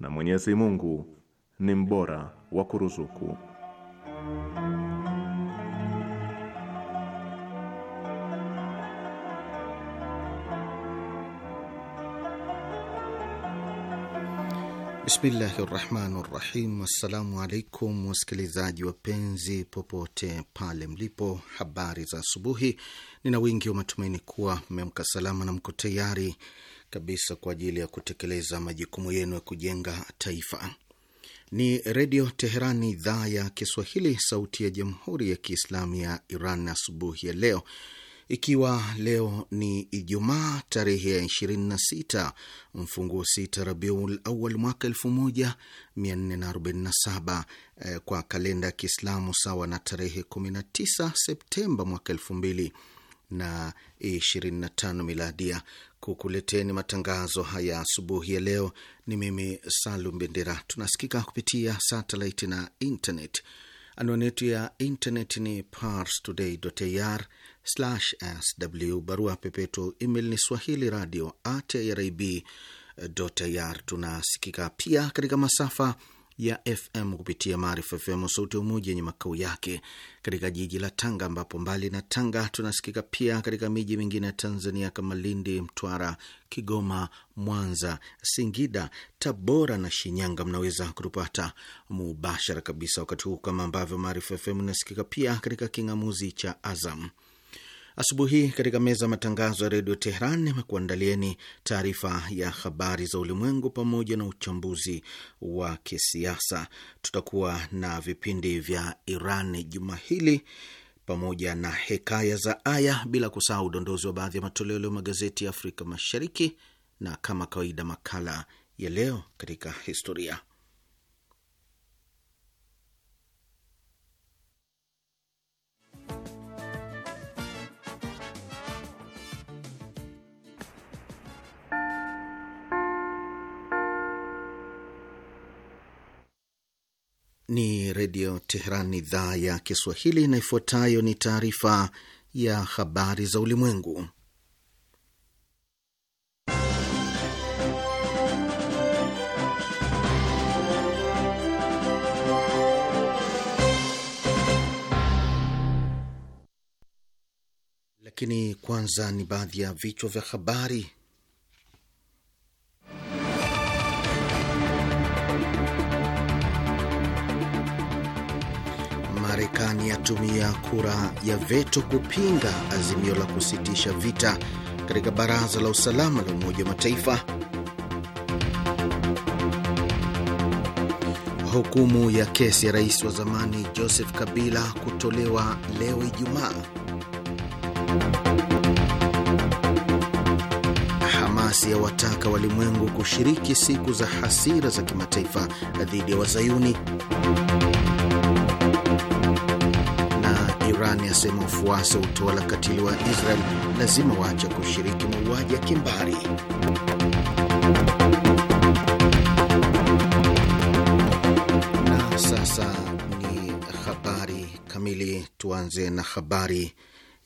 na Mwenyezi Mungu ni mbora wa kuruzuku. Bismillahi rahmani rahim. Assalamu alaikum wasikilizaji wapenzi popote pale mlipo, habari za asubuhi. Nina wingi wa matumaini kuwa mmeamka salama na mko tayari kabisa kwa ajili ya kutekeleza majukumu yenu ya kujenga taifa. Ni Redio Teherani, idhaa ya Kiswahili, sauti ya Jamhuri ya Kiislamu ya Iran. Asubuhi ya leo ikiwa leo ni Ijumaa tarehe ya 26 mfunguo 6 Rabiul Awal mwaka 1447 eh, kwa kalenda ya Kiislamu sawa na tarehe 19 Septemba mwaka 2025 miladia. Kukuleteni matangazo haya asubuhi ya leo ni mimi Salum Bendera. Tunasikika kupitia satelit na internet. Anwani yetu ya intaneti ni parstoday.ir/sw. Barua pepeto email ni swahili radio at irib.ir. Tunasikika pia katika masafa ya FM kupitia Maarifa FM sauti ya Umoja yenye makao yake katika jiji la Tanga, ambapo mbali na Tanga tunasikika pia katika miji mingine ya Tanzania kama Lindi, Mtwara, Kigoma, Mwanza, Singida, Tabora na Shinyanga. Mnaweza kutupata mubashara kabisa wakati huu, kama ambavyo Maarifa FM inasikika pia katika king'amuzi cha Azam. Asubuhi hii katika meza ya matangazo ya redio Teheran nimekuandalieni taarifa ya habari za ulimwengu pamoja na uchambuzi wa kisiasa. Tutakuwa na vipindi vya Iran juma hili pamoja na hekaya za aya, bila kusahau udondozi wa baadhi ya matoleo leo magazeti ya Afrika Mashariki, na kama kawaida makala ya leo katika historia Ni Redio Teheran, idhaa ya Kiswahili, na ifuatayo ni taarifa ya habari za ulimwengu. Lakini kwanza ni baadhi ya vichwa vya habari. Marekani yatumia kura ya veto kupinga azimio la kusitisha vita katika baraza la usalama la Umoja wa Mataifa. Hukumu ya kesi ya rais wa zamani Joseph Kabila kutolewa leo Ijumaa. Hamasi ya wataka walimwengu kushiriki siku za hasira za kimataifa dhidi ya Wazayuni. Marekani asema wafuasi wa utawala katili wa Israel lazima waache kushiriki mauaji ya kimbari. Na sasa ni habari kamili. Tuanze na habari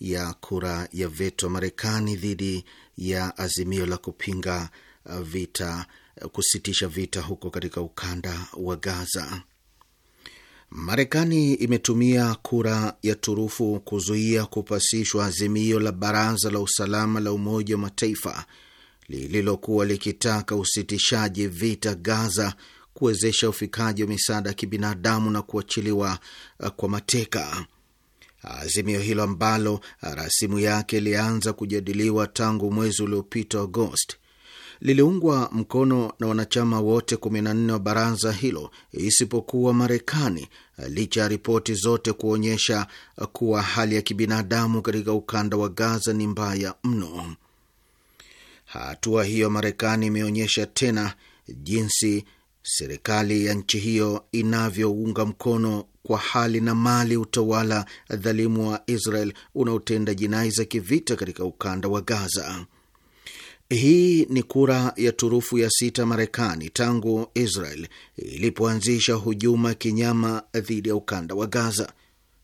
ya kura ya veto Marekani dhidi ya azimio la kupinga vita, kusitisha vita huko katika ukanda wa Gaza. Marekani imetumia kura ya turufu kuzuia kupasishwa azimio la Baraza la Usalama la Umoja wa Mataifa lililokuwa likitaka usitishaji vita Gaza, kuwezesha ufikaji wa misaada ya kibinadamu na kuachiliwa eh, kwa mateka. Azimio hilo ambalo rasimu yake ilianza kujadiliwa tangu mwezi uliopita Agosti liliungwa mkono na wanachama wote 14 wa baraza hilo isipokuwa Marekani, licha ya ripoti zote kuonyesha kuwa hali ya kibinadamu katika ukanda wa Gaza ni mbaya mno. Hatua hiyo Marekani imeonyesha tena jinsi serikali ya nchi hiyo inavyounga mkono kwa hali na mali utawala dhalimu wa Israel unaotenda jinai za kivita katika ukanda wa Gaza. Hii ni kura ya turufu ya sita Marekani tangu Israel ilipoanzisha hujuma kinyama dhidi ya ukanda wa Gaza.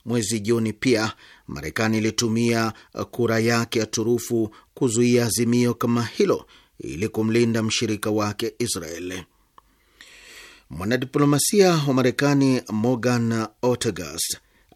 Mwezi Juni pia Marekani ilitumia kura yake ya turufu kuzuia azimio kama hilo ili kumlinda mshirika wake Israel. Mwanadiplomasia wa Marekani Morgan Ortagus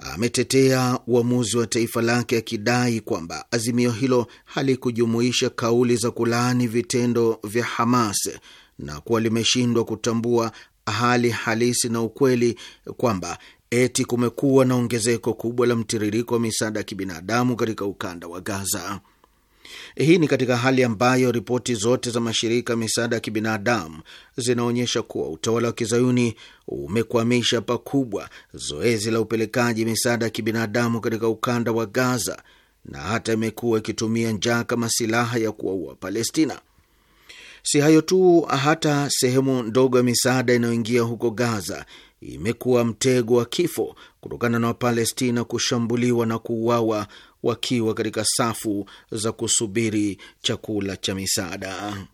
ametetea uamuzi wa taifa lake akidai kwamba azimio hilo halikujumuisha kauli za kulaani vitendo vya Hamas na kuwa limeshindwa kutambua hali halisi na ukweli kwamba eti kumekuwa na ongezeko kubwa la mtiririko wa misaada ya kibinadamu katika ukanda wa Gaza. Hii ni katika hali ambayo ripoti zote za mashirika ya misaada ya kibinadamu zinaonyesha kuwa utawala wa kizayuni umekwamisha pakubwa zoezi la upelekaji misaada ya kibinadamu katika ukanda wa Gaza na hata imekuwa ikitumia njaa kama silaha ya kuwaua Palestina. Si hayo tu, hata sehemu ndogo ya misaada inayoingia huko Gaza imekuwa mtego wa kifo kutokana na Wapalestina kushambuliwa na kuuawa wakiwa katika safu za kusubiri chakula cha misaada.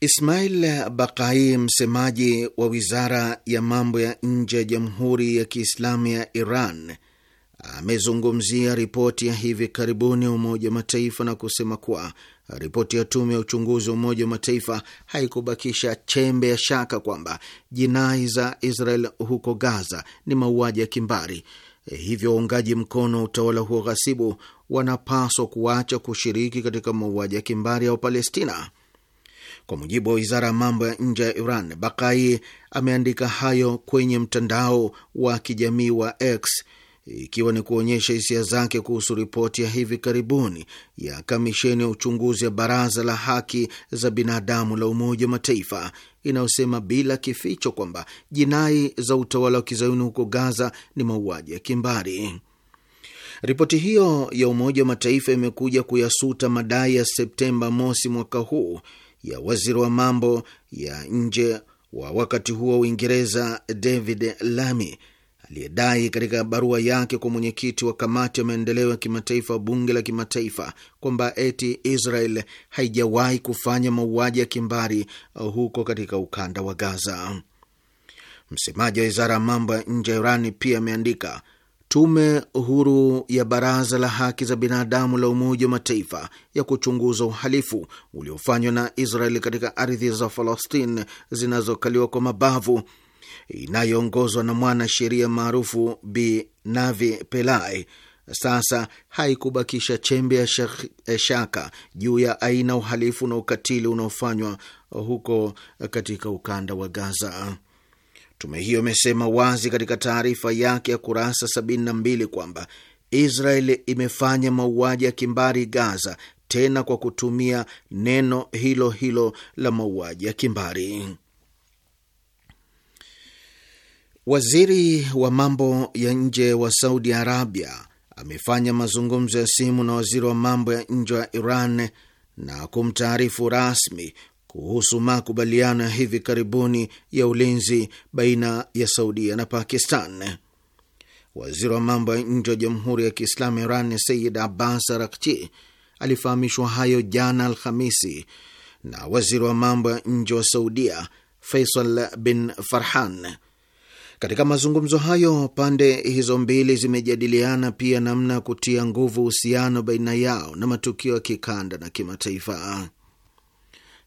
Ismail Bakai, msemaji wa wizara ya mambo ya nje ya Jamhuri ya Kiislamu ya Iran, amezungumzia ripoti ya hivi karibuni ya Umoja wa Mataifa na kusema kuwa Ripoti ya tume ya uchunguzi wa Umoja wa Mataifa haikubakisha chembe ya shaka kwamba jinai za Israel huko Gaza ni mauaji ya kimbari. Eh, hivyo waungaji mkono wa utawala huo ghasibu wanapaswa kuacha kushiriki katika mauaji ya kimbari ya Wapalestina. Kwa mujibu wa wizara ya mambo ya nje ya Iran, Bakai ameandika hayo kwenye mtandao wa kijamii wa X ikiwa ni kuonyesha hisia zake kuhusu ripoti ya hivi karibuni ya kamisheni ya uchunguzi ya Baraza la Haki za Binadamu la Umoja wa Mataifa inayosema bila kificho kwamba jinai za utawala wa kizayuni huko Gaza ni mauaji ya kimbari. Ripoti hiyo ya Umoja wa Mataifa imekuja kuyasuta madai ya Septemba mosi mwaka huu ya waziri wa mambo ya nje wa wakati huo Uingereza David Lammy aliyedai katika barua yake kwa mwenyekiti wa kamati ya maendeleo ya kimataifa bunge la kimataifa kwamba eti Israel haijawahi kufanya mauaji ya kimbari uh, huko katika ukanda wa Gaza. Msemaji wa wizara ya mambo ya nje ya Irani pia ameandika Tume huru ya Baraza la Haki za Binadamu la Umoja wa Mataifa ya kuchunguza uhalifu uliofanywa na Israel katika ardhi za Falastin zinazokaliwa kwa mabavu inayoongozwa na mwanasheria maarufu Bi Navi pelai sasa haikubakisha chembe ya eh, shaka juu ya aina uhalifu na ukatili unaofanywa huko katika ukanda wa Gaza. Tume hiyo imesema wazi katika taarifa yake ya kurasa 72 kwamba Israel imefanya mauaji ya kimbari Gaza, tena kwa kutumia neno hilo hilo la mauaji ya kimbari. Waziri wa mambo ya nje wa Saudi Arabia amefanya mazungumzo ya simu na waziri wa mambo ya nje wa Iran na kumtaarifu rasmi kuhusu makubaliano ya hivi karibuni ya ulinzi baina ya Saudia na Pakistan. Waziri wa mambo ya nje wa Jamhuri ya Kiislamu Iran Sayid Abbas Arakchi alifahamishwa hayo jana Alhamisi na waziri wa mambo ya nje wa Saudia Faisal bin Farhan katika mazungumzo hayo, pande hizo mbili zimejadiliana pia namna ya kutia nguvu uhusiano baina yao na matukio ya kikanda na kimataifa.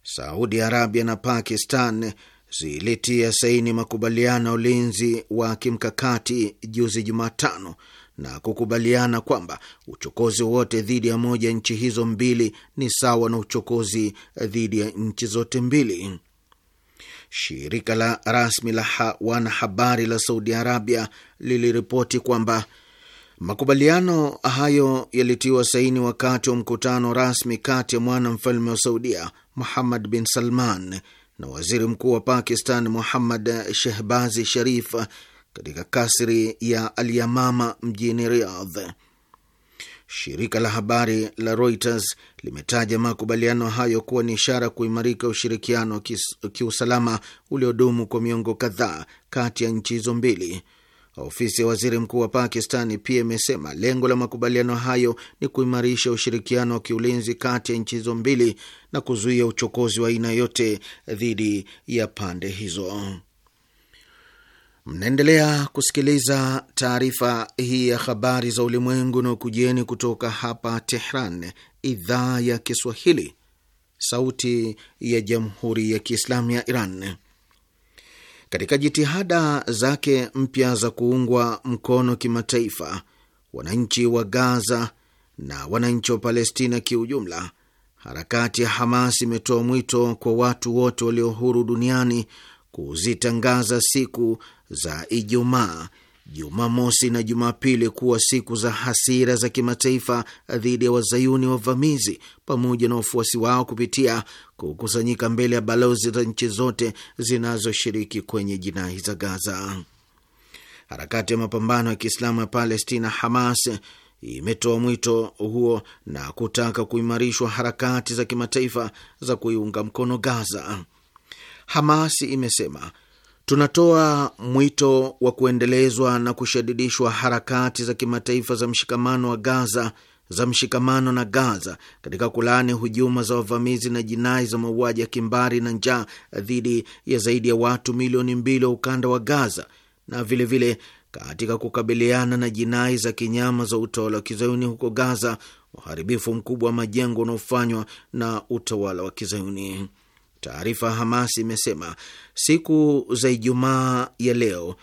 Saudi Arabia na Pakistan zilitia saini makubaliano ya ulinzi wa kimkakati juzi Jumatano na kukubaliana kwamba uchokozi wote dhidi ya moja nchi hizo mbili ni sawa na uchokozi dhidi ya nchi zote mbili shirika la rasmi la wanahabari la Saudi Arabia liliripoti kwamba makubaliano hayo yalitiwa saini wakati wa mkutano rasmi kati ya mwanamfalme wa Saudia Muhammad bin Salman na waziri mkuu wa Pakistan Muhammad Shehbazi Sharif katika kasri ya Alyamama mjini Riyadh. Shirika la habari la Reuters limetaja makubaliano hayo kuwa ni ishara kuimarika ushirikiano wa kiusalama uliodumu kwa miongo kadhaa kati ya nchi hizo mbili. Ofisi ya waziri mkuu wa Pakistani pia imesema lengo la makubaliano hayo ni kuimarisha ushirikiano wa kiulinzi kati ya nchi hizo mbili na kuzuia uchokozi wa aina yote dhidi ya pande hizo. Mnaendelea kusikiliza taarifa hii ya habari za ulimwengu na ukujieni kutoka hapa Tehran, idhaa ya Kiswahili, sauti ya jamhuri ya kiislamu ya Iran. Katika jitihada zake mpya za kuungwa mkono kimataifa, wananchi wa Gaza na wananchi wa Palestina kiujumla, harakati ya Hamas imetoa mwito kwa watu wote walio huru duniani kuzitangaza siku za Ijumaa, Jumamosi na Jumapili kuwa siku za hasira za kimataifa dhidi ya wazayuni wavamizi pamoja na wafuasi wao kupitia kukusanyika mbele ya balozi za nchi zote zinazoshiriki kwenye jinai za Gaza. Harakati ya mapambano ya Kiislamu ya Palestina, Hamas, imetoa mwito huo na kutaka kuimarishwa harakati za kimataifa za kuiunga mkono Gaza. Hamasi imesema tunatoa mwito wa kuendelezwa na kushadidishwa harakati za kimataifa za mshikamano wa Gaza za mshikamano na Gaza katika kulaani hujuma za wavamizi na jinai za mauaji ya kimbari na njaa dhidi ya zaidi ya watu milioni mbili wa ukanda wa Gaza na vilevile vile katika kukabiliana na jinai za kinyama za utawala wa kizayuni huko Gaza, uharibifu mkubwa wa majengo unaofanywa na utawala wa kizayuni. Taarifa ya Hamas imesema siku za Ijumaa ya leo,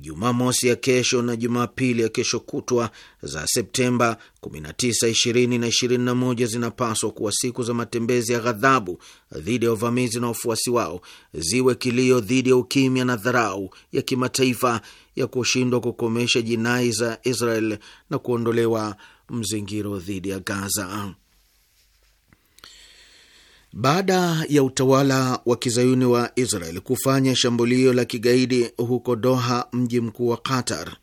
Jumamosi ya kesho na Jumapili ya kesho kutwa za Septemba 19, 20 na 21 zinapaswa kuwa siku za matembezi ya ghadhabu dhidi ya uvamizi na wafuasi wao, ziwe kilio dhidi ya ukimya na dharau ya kimataifa ya kushindwa kukomesha jinai za Israel na kuondolewa mzingiro dhidi ya Gaza. Baada ya utawala wa kizayuni wa Israel kufanya shambulio la kigaidi huko Doha, mji mkuu wa Qatar,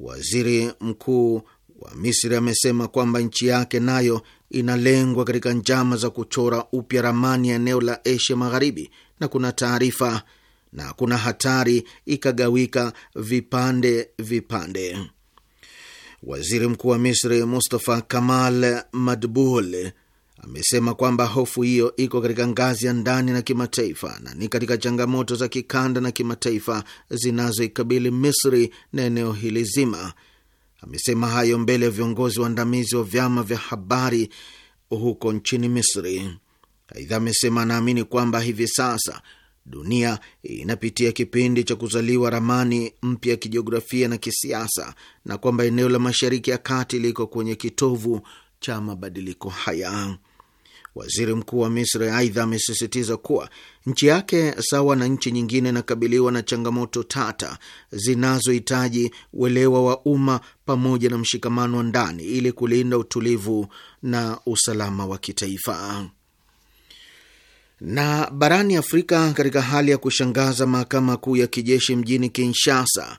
waziri mkuu wa Misri amesema kwamba nchi yake nayo inalengwa katika njama za kuchora upya ramani ya eneo la Asia Magharibi, na kuna taarifa na kuna hatari ikagawika vipande vipande. Waziri mkuu wa Misri Mustafa Kamal Madbul amesema kwamba hofu hiyo iko katika ngazi ya ndani na kimataifa na ni katika changamoto za kikanda na kimataifa zinazoikabili Misri na eneo hili zima. Amesema hayo mbele ya viongozi waandamizi wa vyama vya habari huko nchini Misri. Aidha, amesema anaamini kwamba hivi sasa dunia inapitia kipindi cha kuzaliwa ramani mpya ya kijiografia na kisiasa na kwamba eneo la Mashariki ya Kati liko kwenye kitovu cha mabadiliko haya. Waziri mkuu wa Misri aidha amesisitiza kuwa nchi yake sawa na nchi nyingine inakabiliwa na changamoto tata zinazohitaji uelewa wa umma pamoja na mshikamano wa ndani ili kulinda utulivu na usalama wa kitaifa. Na barani Afrika, katika hali ya kushangaza, mahakama kuu ya kijeshi mjini Kinshasa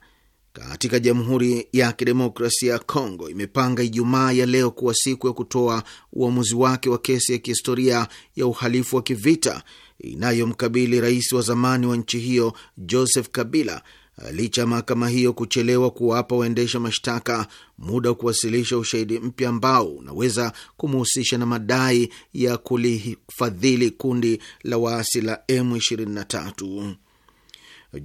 katika Jamhuri ya Kidemokrasia ya Kongo imepanga Ijumaa ya leo kuwa siku ya kutoa uamuzi wake wa kesi ya kihistoria ya uhalifu wa kivita inayomkabili rais wa zamani wa nchi hiyo Joseph Kabila licha ya mahakama hiyo kuchelewa kuwapa waendesha mashtaka muda wa kuwasilisha ushahidi mpya ambao unaweza kumhusisha na madai ya kulifadhili kundi la waasi la M23.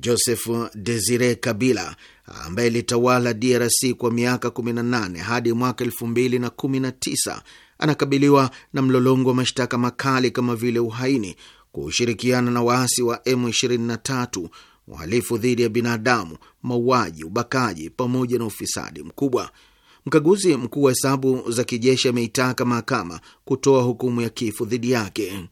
Joseph Desire Kabila ambaye ilitawala DRC kwa miaka 18 hadi mwaka 2019 anakabiliwa na mlolongo wa mashtaka makali kama vile uhaini, kushirikiana na waasi wa M23, uhalifu dhidi ya binadamu, mauaji, ubakaji pamoja na ufisadi mkubwa. Mkaguzi mkuu wa hesabu za kijeshi ameitaka mahakama kutoa hukumu ya kifo dhidi yake.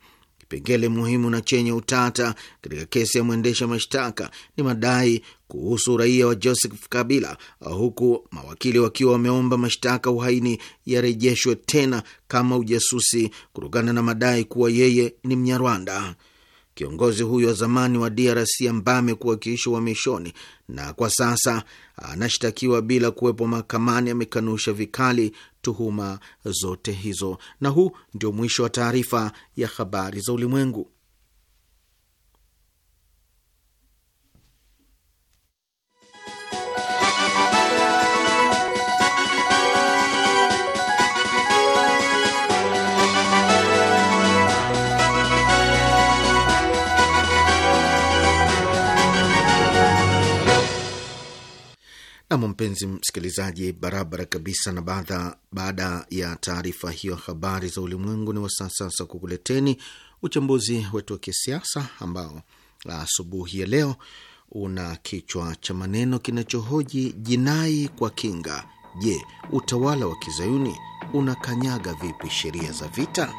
Kipengele muhimu na chenye utata katika kesi ya mwendesha mashtaka ni madai kuhusu raia wa Joseph Kabila, huku mawakili wakiwa wameomba mashtaka uhaini yarejeshwe tena kama ujasusi kutokana na madai kuwa yeye ni Mnyarwanda. Kiongozi huyo wa zamani wa DRC ambaye amekuwa akiishi uhamishoni na kwa sasa anashtakiwa bila kuwepo mahakamani amekanusha vikali tuhuma zote hizo. Na huu ndio mwisho wa taarifa ya habari za ulimwengu. Naam, mpenzi msikilizaji, barabara kabisa. Na baada baada ya taarifa hiyo habari za ulimwengu, ni wasasa sa kukuleteni uchambuzi wetu wa kisiasa ambao asubuhi ya leo una kichwa cha maneno kinachohoji jinai kwa kinga. Je, utawala wa kizayuni unakanyaga vipi sheria za vita?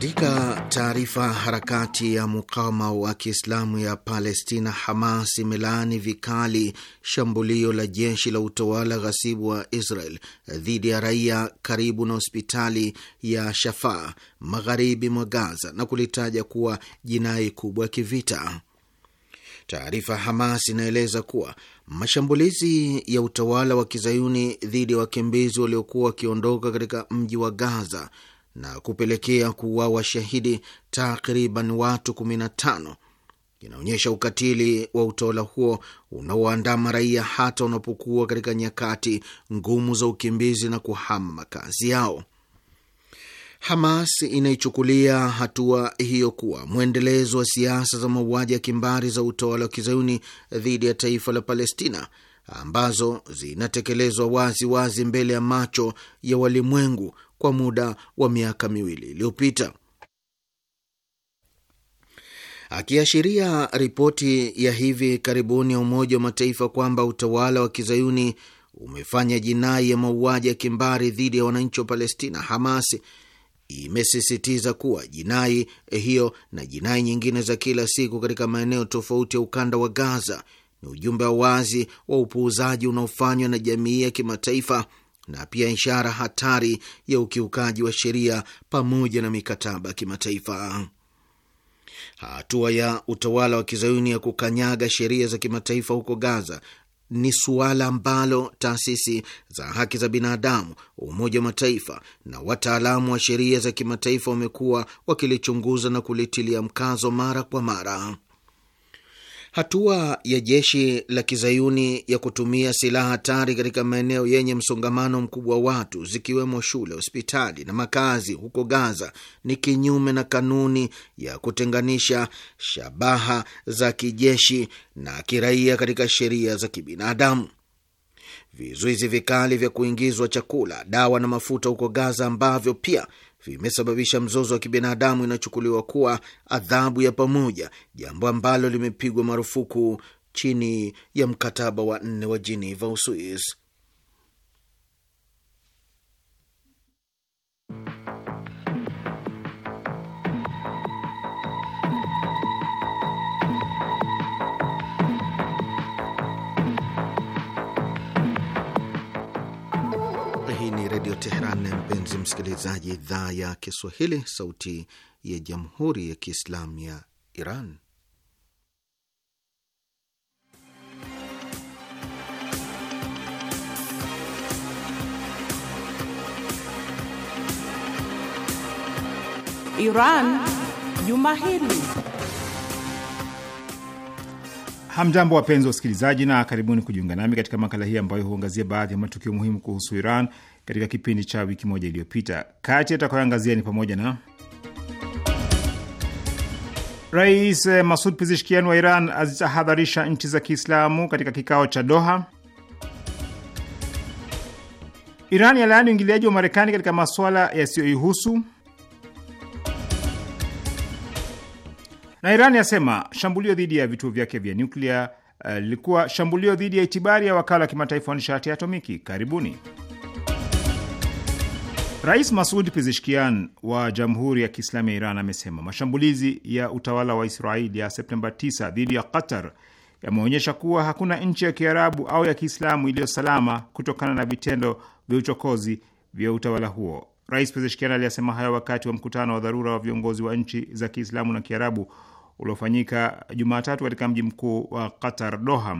Katika taarifa, harakati ya mukawama wa Kiislamu ya Palestina Hamas imelaani vikali shambulio la jeshi la utawala ghasibu wa Israel dhidi ya raia karibu na hospitali ya Shafaa magharibi mwa Gaza na kulitaja kuwa jinai kubwa ya kivita. Taarifa Hamas inaeleza kuwa mashambulizi ya utawala wa kizayuni dhidi ya wakimbizi waliokuwa wakiondoka katika mji wa Gaza na kupelekea kuuawa shahidi takriban watu 15 inaonyesha ukatili wa utawala huo unaoandama raia hata wanapokuwa katika nyakati ngumu za ukimbizi na kuhama makazi yao. Hamas inaichukulia hatua hiyo kuwa mwendelezo wa siasa za mauaji ya kimbari za utawala wa kizayuni dhidi ya taifa la Palestina ambazo zinatekelezwa wazi wazi mbele ya macho ya walimwengu kwa muda wa miaka miwili iliyopita. Akiashiria ripoti ya hivi karibuni ya Umoja wa Mataifa kwamba utawala wa kizayuni umefanya jinai ya mauaji ya kimbari dhidi ya wananchi wa Palestina, Hamas imesisitiza kuwa jinai hiyo na jinai nyingine za kila siku katika maeneo tofauti ya ukanda wa Gaza ni ujumbe wa wazi wa upuuzaji unaofanywa na jamii ya kimataifa na pia ishara hatari ya ukiukaji wa sheria pamoja na mikataba ya kimataifa. Hatua ya utawala wa kizayuni ya kukanyaga sheria za kimataifa huko Gaza ni suala ambalo taasisi za haki za binadamu, Umoja wa Mataifa na wataalamu wa sheria za kimataifa wamekuwa wakilichunguza na kulitilia mkazo mara kwa mara. Hatua ya jeshi la kizayuni ya kutumia silaha hatari katika maeneo yenye msongamano mkubwa wa watu zikiwemo shule, hospitali na makazi huko Gaza ni kinyume na kanuni ya kutenganisha shabaha za kijeshi na kiraia katika sheria za kibinadamu. Vizuizi vikali vya kuingizwa chakula, dawa na mafuta huko Gaza ambavyo pia vimesababisha mzozo wa kibinadamu inachukuliwa kuwa adhabu ya pamoja, jambo ambalo limepigwa marufuku chini ya mkataba wa nne wa Geneva, Uswisi. mpenzi msikilizaji, idhaa ya Kiswahili, sauti ya jamhuri ya kiislamu ya Iran. Iran juma hili. Hamjambo, wapenzi wa usikilizaji, na karibuni kujiunga nami katika makala hii ambayo huangazia baadhi ya matukio muhimu kuhusu Iran katika kipindi cha wiki moja iliyopita. Kati atakayoangazia ni pamoja na Rais eh, Masud pizishkian wa Iran azitahadharisha nchi za Kiislamu katika kikao cha Doha. Iran yalaani uingiliaji wa Marekani katika masuala yasiyoihusu, na Iran yasema shambulio dhidi ya vituo vyake vya nyuklia eh, lilikuwa uh, shambulio dhidi ya itibari ya wakala wa kimataifa wa nishati ya atomiki. Karibuni. Rais Masud Pezeshkian wa Jamhuri ya Kiislamu ya Iran amesema mashambulizi ya utawala wa Israeli ya Septemba 9 dhidi ya Qatar yameonyesha kuwa hakuna nchi ya Kiarabu au ya Kiislamu iliyo salama kutokana na vitendo vya uchokozi vya utawala huo. Rais Pezeshkian aliyasema hayo wakati wa mkutano wa dharura wa viongozi wa nchi za Kiislamu na Kiarabu uliofanyika Jumatatu katika mji mkuu wa Qatar, Doha.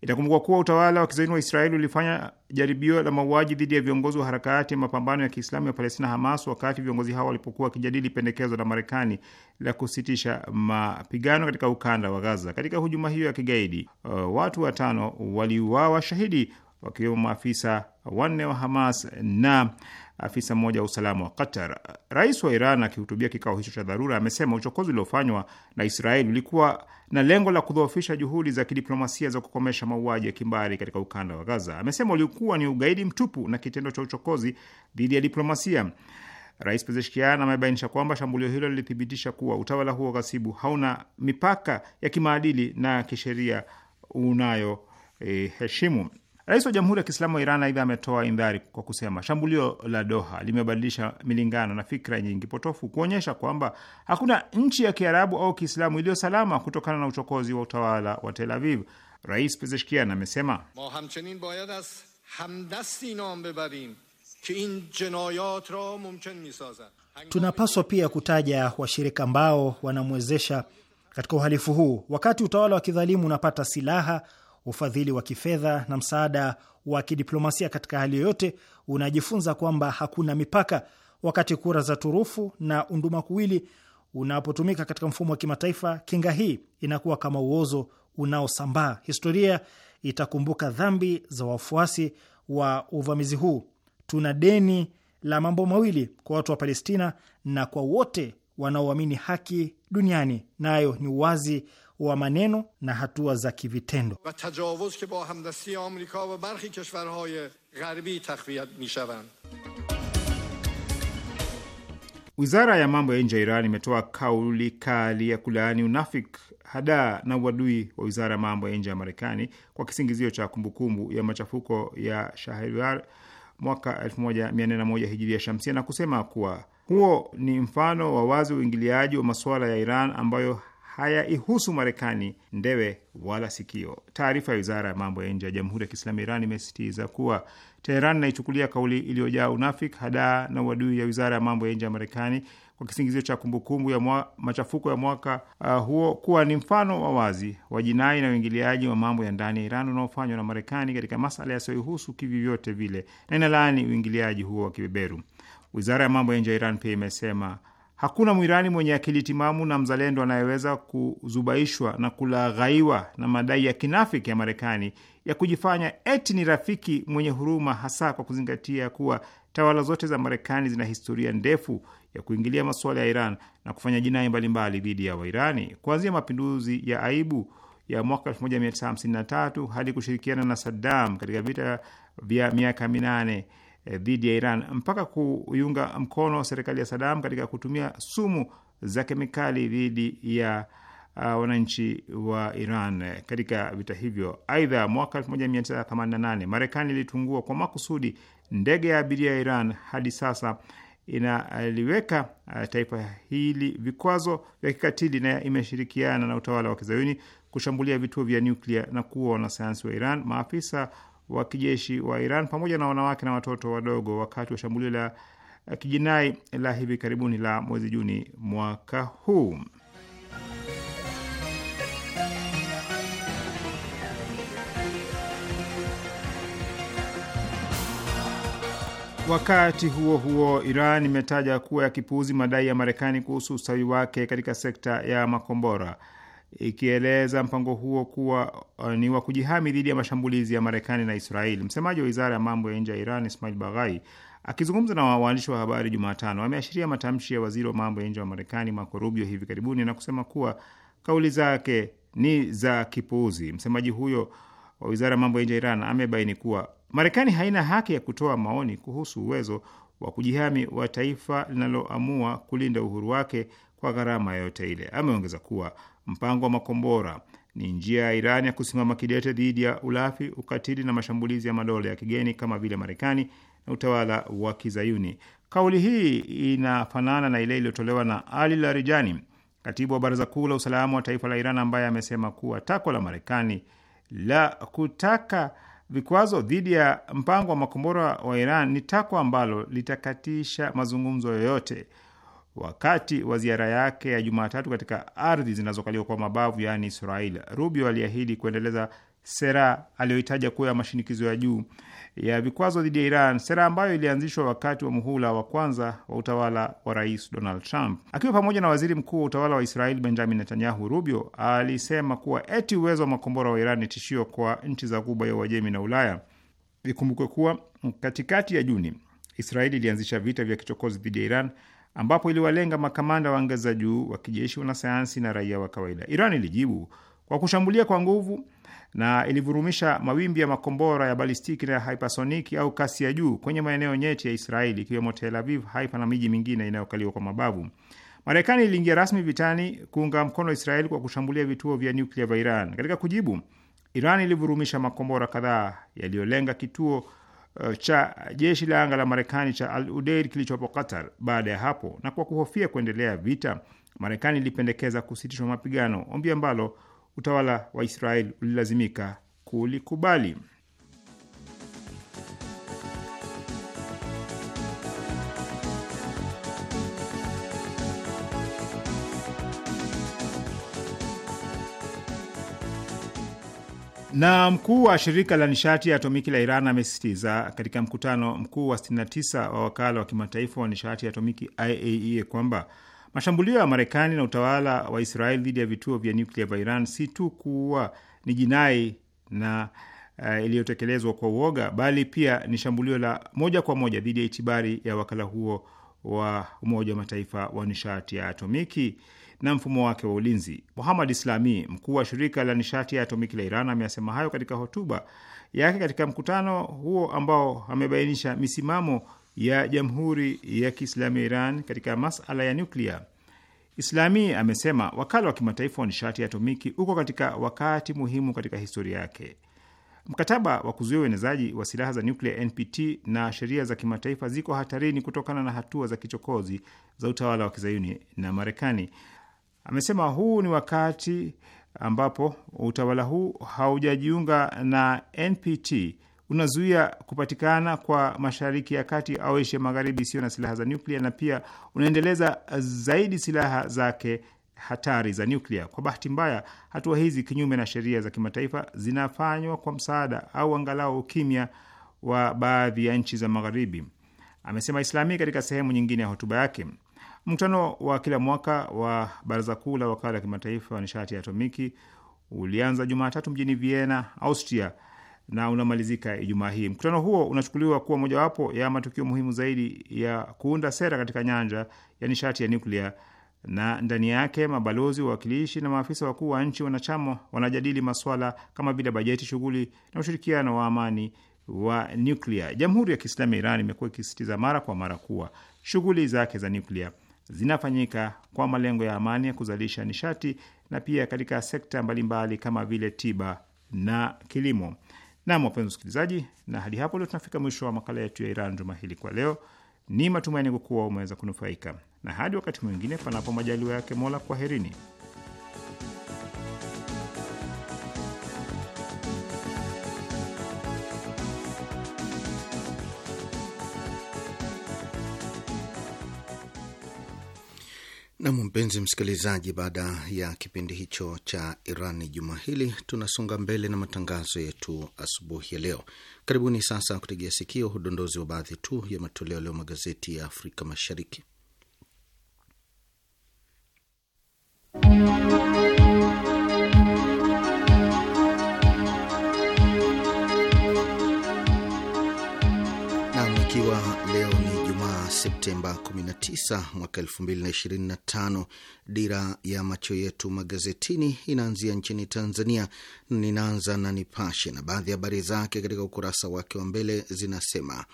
Itakumbukwa kuwa utawala wa kizaini wa Israeli ulifanya jaribio la mauaji dhidi ya viongozi wa harakati ya mapambano ya Kiislamu ya Palestina, Hamas, wakati viongozi hao walipokuwa wakijadili pendekezo la Marekani la kusitisha mapigano katika ukanda wa Gaza. Katika hujuma hiyo ya kigaidi, uh, watu watano waliuawa shahidi wakiwemo maafisa wanne wa Hamas na afisa mmoja wa usalama wa Qatar. Rais wa Iran akihutubia kikao hicho cha dharura amesema uchokozi uliofanywa na Israeli ulikuwa na lengo la kudhoofisha juhudi za kidiplomasia za kukomesha mauaji ya kimbari katika ukanda wa Gaza. Amesema ulikuwa ni ugaidi mtupu na kitendo cha uchokozi dhidi ya diplomasia. Rais Pezeshkian amebainisha kwamba shambulio hilo lilithibitisha kuwa utawala huo ghasibu hauna mipaka ya kimaadili na kisheria unayoheshimu. eh, Rais wa Jamhuri ya Kiislamu wa Iran aidha ametoa indhari kwa kusema shambulio la Doha limebadilisha milingano na fikra nyingi potofu, kuonyesha kwamba hakuna nchi ya Kiarabu au Kiislamu iliyo salama kutokana na uchokozi wa utawala wa Tel Aviv. Rais Pezeshkian amesema tunapaswa pia kutaja washirika ambao wanamwezesha katika uhalifu huu. Wakati utawala wa kidhalimu unapata silaha ufadhili wa kifedha na msaada wa kidiplomasia katika hali yoyote, unajifunza kwamba hakuna mipaka. Wakati kura za turufu na undumakuwili unapotumika katika mfumo wa kimataifa, kinga hii inakuwa kama uozo unaosambaa. Historia itakumbuka dhambi za wafuasi wa uvamizi huu. Tuna deni la mambo mawili kwa watu wa Palestina na kwa wote wanaoamini haki duniani, nayo ni uwazi wa maneno na hatua za kivitendo. Wizara ya mambo ya nje ya Iran imetoa kauli kali ya kulaani unafiki, hadaa na uadui wa wizara ya mambo ya nje ya Marekani kwa kisingizio cha kumbukumbu ya machafuko ya Shahriar mwaka 1401 hijiria shamsia, na kusema kuwa huo ni mfano wa wazi uingiliaji wa masuala ya Iran ambayo hayaihusu Marekani ndewe wala sikio. Taarifa ya wizara ya mambo ya nje ya Jamhuri ya Kiislamu Iran imesisitiza kuwa Teheran inaichukulia kauli iliyojaa unafiki, hadaa na uadui ya wizara ya mambo ya nje ya Marekani kwa kisingizio cha kumbukumbu ya mwa, machafuko ya mwaka uh, huo kuwa ni mfano wa wazi wa jinai na uingiliaji wa mambo ya ndani ya Iran unaofanywa na Marekani katika masala yasiyoihusu kivyovyote vile na inalaani uingiliaji huo wa kibeberu. Wizara ya mambo ya nje ya Iran pia imesema Hakuna Mwirani mwenye akili timamu na mzalendo anayeweza kuzubaishwa na kulaghaiwa na madai ya kinafiki ya Marekani ya kujifanya eti ni rafiki mwenye huruma, hasa kwa kuzingatia kuwa tawala zote za Marekani zina historia ndefu ya kuingilia masuala ya Iran na kufanya jinai mbalimbali dhidi ya Wairani, kuanzia mapinduzi ya aibu ya mwaka 1953 hadi kushirikiana na Saddam katika vita vya miaka minane Eh, dhidi ya Iran mpaka kuiunga mkono serikali ya sadam katika kutumia sumu za kemikali dhidi ya uh, wananchi wa Iran katika vita hivyo. Aidha, mwaka 1988 Marekani ilitungua kwa makusudi ndege ya abiria ya Iran. Hadi sasa inaliweka uh, taifa hili vikwazo vya kikatili na imeshirikiana na utawala wa kizayuni kushambulia vituo vya nyuklia na kuwa wanasayansi wa Iran, maafisa wa kijeshi wa Iran pamoja na wanawake na watoto wadogo wakati wa shambulio la kijinai la hivi karibuni la mwezi Juni mwaka huu. Wakati huo huo, Iran imetaja kuwa ya kipuuzi madai ya Marekani kuhusu ustawi wake katika sekta ya makombora ikieleza mpango huo kuwa uh, ni wa kujihami dhidi ya mashambulizi ya Marekani na Israeli. Msemaji wa wizara ya mambo ya nje ya Iran Ismail Baghai akizungumza na waandishi wa habari Jumatano ameashiria matamshi ya waziri wa mambo ya nje wa Marekani Marco Rubio hivi karibuni na kusema kuwa kauli zake ni za kipuuzi. Msemaji huyo wa wizara ya mambo ya nje ya Iran amebaini kuwa Marekani haina haki ya kutoa maoni kuhusu uwezo wa kujihami wa taifa linaloamua kulinda uhuru wake kwa gharama yoyote ile. Ameongeza kuwa mpango wa makombora ni njia ya Iran ya kusimama kidete dhidi ya ulafi, ukatili na mashambulizi ya madola ya kigeni kama vile Marekani na utawala wa Kizayuni. Kauli hii inafanana na ile iliyotolewa na Ali Larijani, katibu wa Baraza Kuu la Usalama wa Taifa la Iran, ambaye amesema kuwa takwa la Marekani la kutaka vikwazo dhidi ya mpango wa makombora wa Iran ni takwa ambalo litakatisha mazungumzo yoyote wakati wa ziara yake ya Jumatatu katika ardhi zinazokaliwa kwa mabavu yaani Israel. Rubio aliahidi kuendeleza sera aliyohitaja kuwa ya mashinikizo ya juu ya vikwazo dhidi ya Iran, sera ambayo ilianzishwa wakati wa muhula wa kwanza wa utawala wa Rais Donald Trump. Akiwa pamoja na waziri mkuu wa utawala wa israel Benjamin Netanyahu, Rubio alisema kuwa eti uwezo wa makombora wa Iran ni tishio kwa nchi za Ghuba ya Uajemi na Ulaya. Ikumbukwe kuwa katikati ya Juni Israeli ilianzisha vita vya kichokozi dhidi ya Iran ambapo iliwalenga makamanda wa anga za juu wa kijeshi, wanasayansi na raia wa kawaida. Iran ilijibu kwa kushambulia kwa nguvu na ilivurumisha mawimbi ya makombora ya balistiki na hypersoniki au kasi ya juu kwenye maeneo nyeti ya Israeli ikiwemo Tel Aviv, Haifa na miji mingine inayokaliwa kwa mabavu. Marekani iliingia rasmi vitani kuunga mkono Israeli kwa kushambulia vituo vya nyuklia vya Iran. Katika kujibu, Iran ilivurumisha makombora kadhaa yaliyolenga kituo Eh, cha jeshi la anga la Marekani cha Al Udeid kilichopo Qatar. Baada ya hapo, na kwa kuhofia kuendelea vita, Marekani ilipendekeza kusitishwa mapigano, ombi ambalo utawala wa Israel ulilazimika kulikubali. Na mkuu wa shirika la nishati ya atomiki la Iran amesisitiza katika mkutano mkuu wa 69 wa wakala wa kimataifa wa nishati ya atomiki IAEA e, kwamba mashambulio ya Marekani na utawala wa Israeli dhidi ya vituo vya nyuklia vya Iran si tu kuwa ni jinai na uh, iliyotekelezwa kwa uoga, bali pia ni shambulio la moja kwa moja dhidi ya itibari ya wakala huo wa Umoja wa Mataifa wa nishati ya atomiki na mfumo wake wa ulinzi. Muhamad Islami, mkuu wa shirika la nishati ya atomiki la Iran, ameyasema hayo katika hotuba yake katika mkutano huo ambao amebainisha misimamo ya Jamhuri ya Kiislamu ya Iran katika masala ya nyuklia. Islami amesema wakala wa kimataifa wa nishati ya atomiki uko katika wakati muhimu katika historia yake. Mkataba wa kuzuia uenezaji wa silaha za nyuklia NPT na sheria za kimataifa ziko hatarini kutokana na hatua za kichokozi za utawala wa kizayuni na Marekani. Amesema huu ni wakati ambapo utawala huu haujajiunga na NPT unazuia kupatikana kwa Mashariki ya Kati au Asia Magharibi isiyo na silaha za nyuklia na pia unaendeleza zaidi silaha zake hatari za nyuklia. Kwa bahati mbaya, hatua hizi kinyume na sheria za kimataifa zinafanywa kwa msaada au angalau ukimya wa baadhi ya nchi za Magharibi, amesema Islami katika sehemu nyingine ya hotuba yake. Mkutano wa kila mwaka wa Baraza Kuu la Wakala wa Kimataifa wa Nishati ya Atomiki ulianza Jumatatu mjini Vienna, Austria na unamalizika Ijumaa hii. Mkutano huo unachukuliwa kuwa mojawapo ya matukio muhimu zaidi ya kuunda sera katika nyanja ya nishati ya nuklia, na ndani yake mabalozi, wawakilishi na maafisa wakuu wa nchi wanachama wanajadili maswala kama vile bajeti, shughuli na ushirikiano wa amani wa nuklia. Jamhuri ya Kiislamu ya Iran imekuwa ikisisitiza mara kwa mara kuwa shughuli zake za nuklia zinafanyika kwa malengo ya amani ya kuzalisha nishati na pia katika sekta mbalimbali kama vile tiba na kilimo. Nam, wapenzi wasikilizaji, na hadi hapo ndio tunafika mwisho wa makala yetu ya Iran juma hili. Kwa leo, ni matumaini kuwa umeweza kunufaika, na hadi wakati mwingine, panapo majaliwa yake Mola, kwaherini. Nam, mpenzi msikilizaji, baada ya kipindi hicho cha iran juma hili, tunasonga mbele na matangazo yetu asubuhi ya leo. Karibuni sasa kutegea sikio udondozi wa baadhi tu ya matoleo leo magazeti ya Afrika Mashariki. Septemba 19 mwaka 2025. Dira ya macho yetu magazetini inaanzia nchini Tanzania. Ninaanza na Nipashe na baadhi ya habari zake katika ukurasa wake wa mbele zinasema: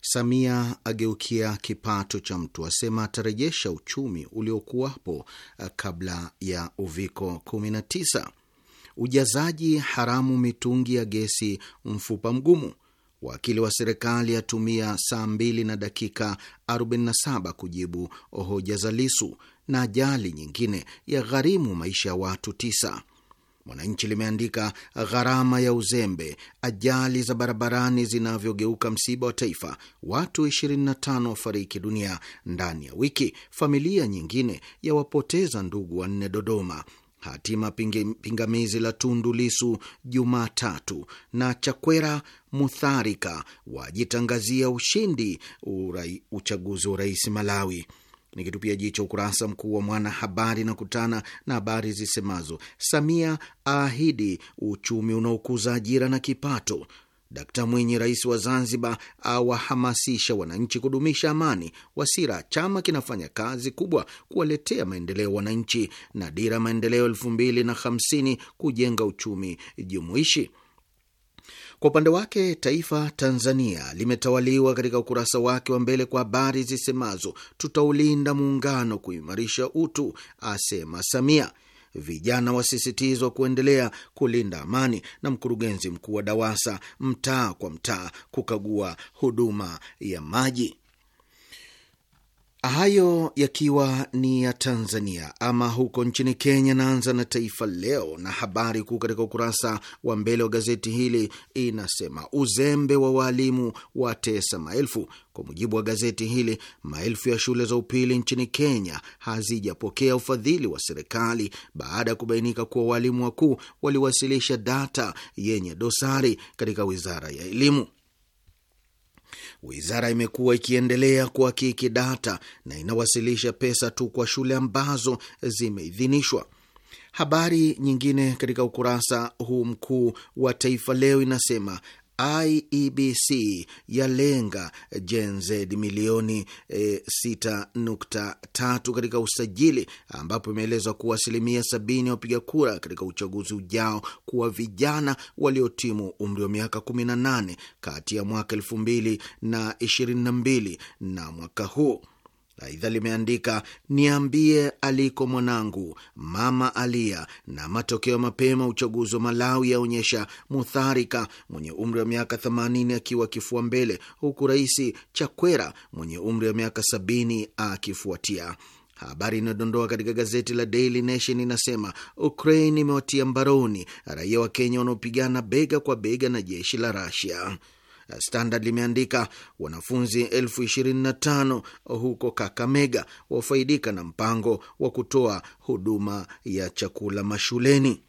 Samia ageukia kipato cha mtu, asema atarejesha uchumi uliokuwapo eh, kabla ya uviko 19. Ujazaji haramu mitungi ya gesi mfupa mgumu Wakili wa serikali atumia saa 2 na dakika 47 kujibu hoja za Lisu, na ajali nyingine ya gharimu maisha ya watu tisa. Mwananchi limeandika gharama ya uzembe, ajali za barabarani zinavyogeuka msiba wa taifa, watu 25 wafariki dunia ndani ya wiki, familia nyingine yawapoteza ndugu wanne Dodoma, hatima pingamizi la Tundu Lisu Jumatatu na Chakwera Mutharika wajitangazia ushindi urai, uchaguzi wa rais Malawi. Nikitupia jicho ukurasa mkuu wa Mwanahabari na kutana na habari zisemazo Samia aahidi uchumi unaokuza ajira na kipato, Dkt Mwinyi, rais wa Zanzibar, awahamasisha wananchi kudumisha amani. Wasira, chama kinafanya kazi kubwa kuwaletea maendeleo wananchi, na dira maendeleo elfu mbili na hamsini kujenga uchumi jumuishi. Kwa upande wake taifa Tanzania limetawaliwa katika ukurasa wake wa mbele kwa habari zisemazo tutaulinda muungano kuimarisha utu, asema Samia vijana wasisitizwa kuendelea kulinda amani, na mkurugenzi mkuu wa DAWASA mtaa kwa mtaa kukagua huduma ya maji. Hayo yakiwa ni ya Tanzania. Ama huko nchini Kenya, naanza na Taifa Leo na habari kuu katika ukurasa wa mbele wa gazeti hili inasema uzembe wa waalimu watesa maelfu. Kwa mujibu wa gazeti hili, maelfu ya shule za upili nchini Kenya hazijapokea ufadhili wa serikali baada ya kubainika kuwa waalimu wakuu waliwasilisha data yenye dosari katika wizara ya elimu wizara imekuwa ikiendelea kuhakiki data na inawasilisha pesa tu kwa shule ambazo zimeidhinishwa. Habari nyingine katika ukurasa huu mkuu wa Taifa Leo inasema IEBC yalenga Gen Z milioni 6.3 eh, tatu katika usajili ambapo imeelezwa kuwa asilimia sabini ya wapiga kura katika uchaguzi ujao kuwa vijana waliotimu umri wa miaka 18 kati ya mwaka 2022 na, na mwaka huu. Aidha limeandika niambie aliko mwanangu, mama alia, na matokeo mapema uchaguzi wa Malawi yaonyesha Mutharika mwenye umri wa miaka 80 akiwa akifua mbele, huku Rais Chakwera mwenye umri wa miaka 70 akifuatia. Habari inayodondoa katika gazeti la Daily Nation inasema Ukraine imewatia mbaroni raia wa Kenya wanaopigana bega kwa bega na jeshi la Russia. Standard limeandika wanafunzi elfu ishirini na tano huko Kakamega wafaidika na mpango wa kutoa huduma ya chakula mashuleni.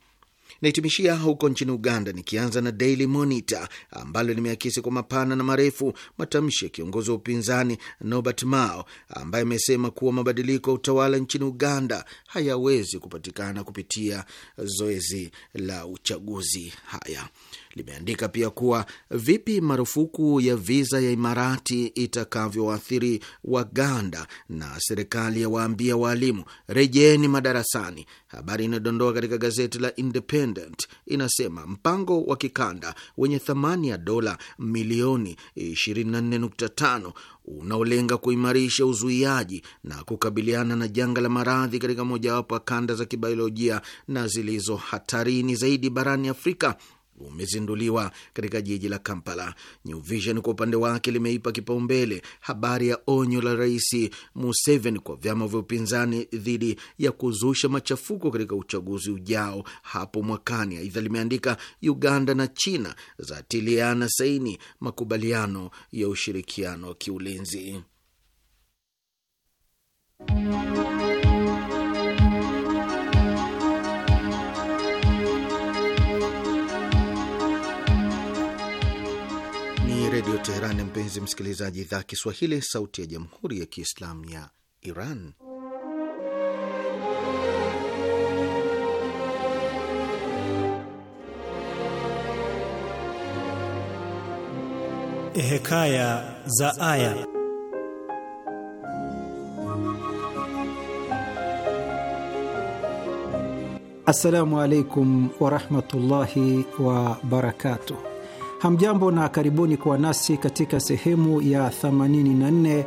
Naitimishia huko nchini Uganda, nikianza na Daily Monitor ambalo limeakisi kwa mapana na marefu matamshi ya kiongozi wa upinzani Norbert Mao ambaye amesema kuwa mabadiliko ya utawala nchini Uganda hayawezi kupatikana kupitia zoezi la uchaguzi. Haya limeandika pia kuwa vipi marufuku ya viza ya Imarati itakavyoathiri Waganda na serikali ya waambia waalimu rejeeni madarasani. Habari inayodondoa katika gazeti la Independent inasema mpango wa kikanda wenye thamani ya dola milioni 24.5 unaolenga kuimarisha uzuiaji na kukabiliana na janga la maradhi katika mojawapo ya kanda za kibiolojia na zilizo hatarini zaidi barani Afrika umezinduliwa katika jiji la Kampala. New Vision kwa upande wake limeipa kipaumbele habari ya onyo la Rais Museveni kwa vyama vya upinzani dhidi ya kuzusha machafuko katika uchaguzi ujao hapo mwakani. Aidha limeandika Uganda na China zatiliana saini makubaliano ya ushirikiano wa kiulinzi. Redio Teheran. Mpenzi msikilizaji, idhaa ya Kiswahili, sauti ya jamhuri ya kiislamu ya Iran. Hekaya za Aya. Assalamu alaikum warahmatullahi wabarakatuh. Hamjambo na karibuni kwa nasi katika sehemu ya 84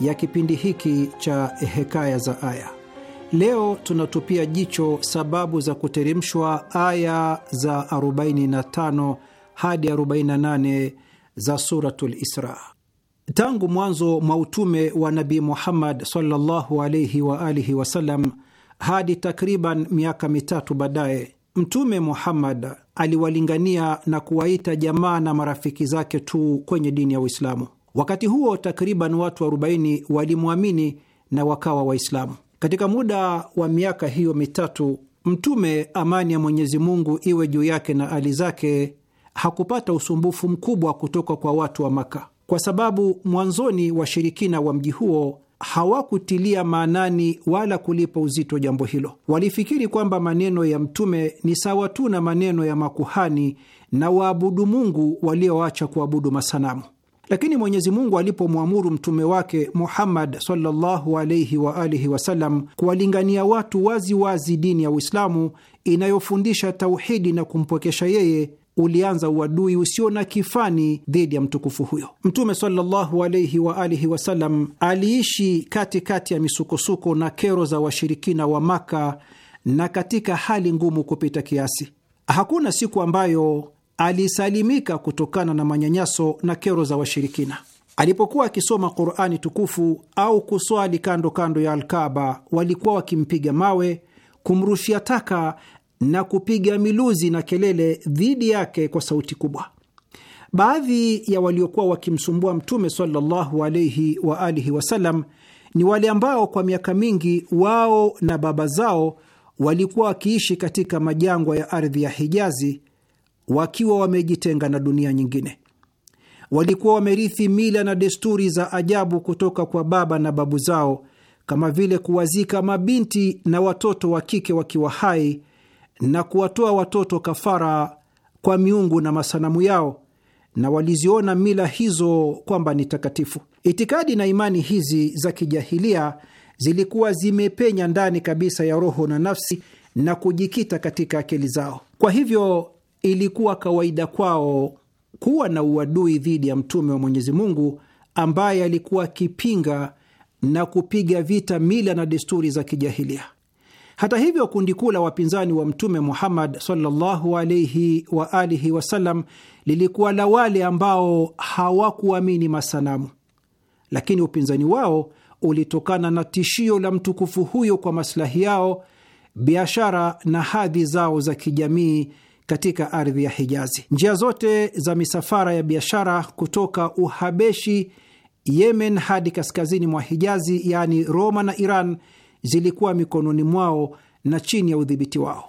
ya kipindi hiki cha Hekaya za Aya. Leo tunatupia jicho sababu za kuteremshwa aya za 45 hadi 48 za Suratul Isra. Tangu mwanzo mwa utume wa nabi Muhammad sallallahu alaihi wa alihi wasallam hadi takriban miaka mitatu baadaye Mtume Muhammad aliwalingania na kuwaita jamaa na marafiki zake tu kwenye dini ya Uislamu. Wakati huo takriban watu 40 walimwamini na wakawa Waislamu. Katika muda wa miaka hiyo mitatu, Mtume, amani ya Mwenyezi Mungu iwe juu yake na ali zake, hakupata usumbufu mkubwa kutoka kwa watu wa Maka, kwa sababu mwanzoni washirikina wa mji huo hawakutilia maanani wala kulipa uzito jambo hilo. Walifikiri kwamba maneno ya Mtume ni sawa tu na maneno ya makuhani na waabudu Mungu walioacha kuabudu masanamu. Lakini Mwenyezi Mungu alipomwamuru mtume wake Muhammad sallallahu wa alihi wasallam kuwalingania watu wazi wazi dini ya Uislamu inayofundisha tauhidi na kumpwekesha yeye ulianza uadui usio na kifani dhidi ya mtukufu huyo. Mtume sallallahu alaihi wa alihi wasallam aliishi katikati kati ya misukosuko na kero za washirikina wa Maka na katika hali ngumu kupita kiasi. Hakuna siku ambayo alisalimika kutokana na manyanyaso na kero za washirikina. Alipokuwa akisoma Qurani tukufu au kuswali kando kando ya Alkaba, walikuwa wakimpiga mawe, kumrushia taka na kupiga miluzi na kelele dhidi yake kwa sauti kubwa. Baadhi ya waliokuwa wakimsumbua Mtume sallallahu alaihi wa alihi wasallam ni wale ambao kwa miaka mingi wao na baba zao walikuwa wakiishi katika majangwa ya ardhi ya Hijazi wakiwa wamejitenga na dunia nyingine. Walikuwa wamerithi mila na desturi za ajabu kutoka kwa baba na babu zao, kama vile kuwazika mabinti na watoto wa kike wakiwa hai na kuwatoa watoto kafara kwa miungu na masanamu yao, na waliziona mila hizo kwamba ni takatifu. Itikadi na imani hizi za kijahilia zilikuwa zimepenya ndani kabisa ya roho na nafsi na kujikita katika akili zao. Kwa hivyo ilikuwa kawaida kwao kuwa na uadui dhidi ya mtume wa Mwenyezi Mungu ambaye alikuwa akipinga na kupiga vita mila na desturi za kijahilia. Hata hivyo, kundi kuu la wapinzani wa Mtume Muhammad sallallahu alaihi wa alihi wasallam lilikuwa la wale ambao hawakuamini masanamu, lakini upinzani wao ulitokana na tishio la mtukufu huyo kwa maslahi yao, biashara na hadhi zao za kijamii katika ardhi ya Hijazi. Njia zote za misafara ya biashara kutoka Uhabeshi, Yemen hadi kaskazini mwa Hijazi, yaani Roma na Iran zilikuwa mikononi mwao na chini ya udhibiti wao.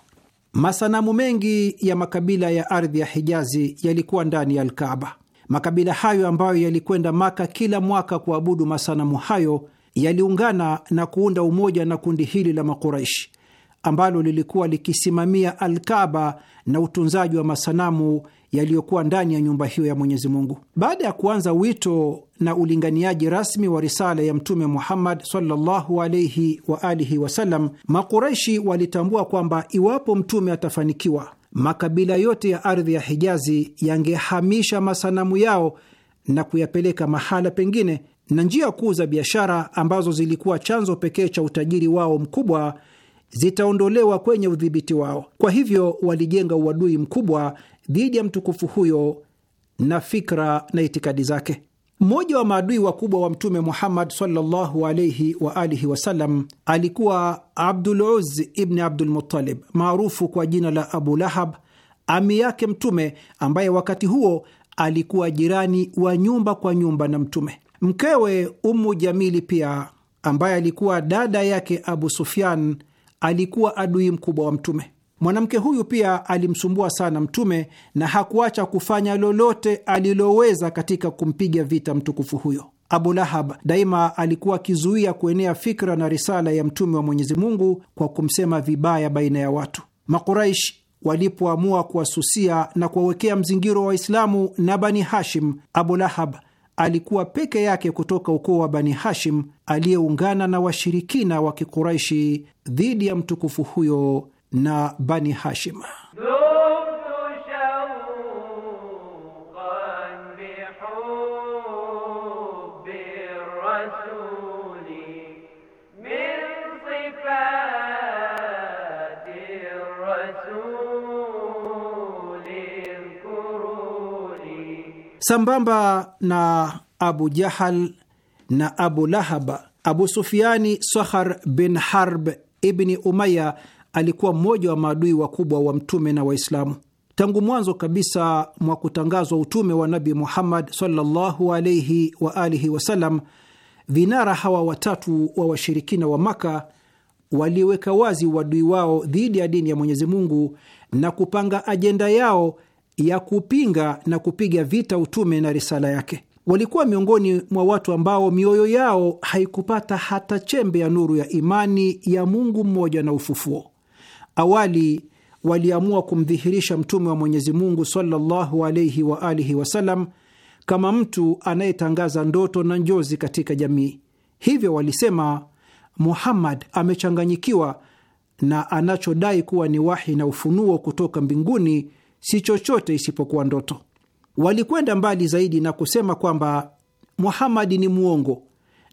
Masanamu mengi ya makabila ya ardhi ya Hijazi yalikuwa ndani ya Alkaaba. Makabila hayo ambayo yalikwenda Maka kila mwaka kuabudu masanamu hayo yaliungana na kuunda umoja na kundi hili la Makuraishi ambalo lilikuwa likisimamia Alkaba na utunzaji wa masanamu yaliyokuwa ndani ya nyumba hiyo ya Mwenyezi Mungu. Baada ya kuanza wito na ulinganiaji rasmi wa risala ya Mtume Muhammad sallallahu alaihi wa alihi wasallam, Makuraishi walitambua kwamba iwapo mtume atafanikiwa, makabila yote ya ardhi ya Hijazi yangehamisha masanamu yao na kuyapeleka mahala pengine, na njia kuu za biashara ambazo zilikuwa chanzo pekee cha utajiri wao mkubwa zitaondolewa kwenye udhibiti wao. Kwa hivyo walijenga uadui mkubwa dhidi ya mtukufu huyo na fikra na itikadi zake. Mmoja wa maadui wakubwa wa Mtume Muhammad sallallahu alayhi wa alihi wasallam alikuwa Abduluz ibni Abdulmutalib, maarufu kwa jina la Abu Lahab, ami yake Mtume, ambaye wakati huo alikuwa jirani wa nyumba kwa nyumba na Mtume. Mkewe Umu Jamili pia ambaye alikuwa dada yake Abu Sufyan alikuwa adui mkubwa wa Mtume. Mwanamke huyu pia alimsumbua sana Mtume na hakuacha kufanya lolote aliloweza katika kumpiga vita mtukufu huyo. Abu Lahab daima alikuwa akizuia kuenea fikra na risala ya Mtume wa Mwenyezi Mungu kwa kumsema vibaya baina ya watu. Makuraish walipoamua kuwasusia na kuwawekea mzingiro wa Waislamu na Bani Hashim, Abu Lahab alikuwa peke yake kutoka ukoo wa Bani Hashim aliyeungana na washirikina wa Kikuraishi dhidi ya mtukufu huyo na Bani Hashim. Sambamba na Abu Jahal na Abu Lahab, Abu Sufiani Sahar bin Harb ibni Umaya alikuwa mmoja wa maadui wakubwa wa mtume na Waislamu. Tangu mwanzo kabisa mwa kutangazwa utume wa Nabi Muhammad sallallahu alaihi wa alihi wasallam, vinara hawa watatu wa washirikina wa Maka waliweka wazi uadui wao dhidi ya dini ya Mwenyezi Mungu na kupanga ajenda yao ya kupinga na kupiga vita utume na risala yake. Walikuwa miongoni mwa watu ambao mioyo yao haikupata hata chembe ya nuru ya imani ya Mungu mmoja na ufufuo. Awali waliamua kumdhihirisha Mtume wa Mwenyezi Mungu sallallahu alaihi wa alihi wasallam kama mtu anayetangaza ndoto na njozi katika jamii. Hivyo walisema Muhammad amechanganyikiwa na anachodai kuwa ni wahi na ufunuo kutoka mbinguni si chochote isipokuwa ndoto. Walikwenda mbali zaidi na kusema kwamba Muhammad ni mwongo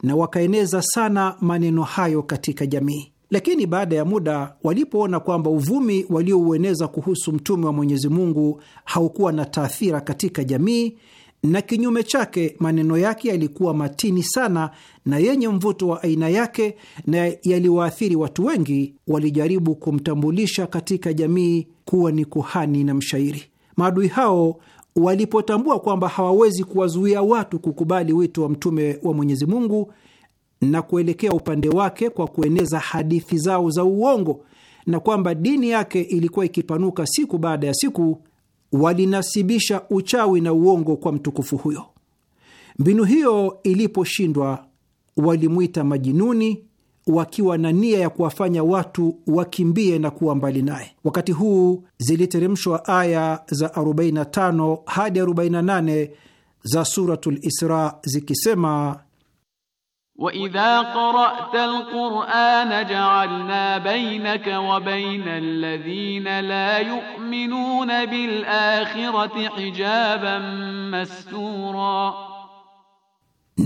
na wakaeneza sana maneno hayo katika jamii. Lakini baada ya muda walipoona kwamba uvumi walioueneza kuhusu mtume wa Mwenyezi Mungu haukuwa na taathira katika jamii, na kinyume chake maneno yake yalikuwa matini sana na yenye mvuto wa aina yake na yaliwaathiri watu wengi, walijaribu kumtambulisha katika jamii kuwa ni kuhani na mshairi. Maadui hao walipotambua kwamba hawawezi kuwazuia watu kukubali wito wa mtume wa Mwenyezi Mungu na kuelekea upande wake kwa kueneza hadithi zao za uongo, na kwamba dini yake ilikuwa ikipanuka siku baada ya siku. Walinasibisha uchawi na uongo kwa mtukufu huyo. Mbinu hiyo iliposhindwa, walimwita majinuni wakiwa na nia ya kuwafanya watu wakimbie na kuwa mbali naye. Wakati huu ziliteremshwa aya za 45 hadi 48 za Suratul Isra zikisema وإذا قرأت القرآن جعلنا بينك وبين الذين لا يؤمنون بالآخرة حجابا مستورا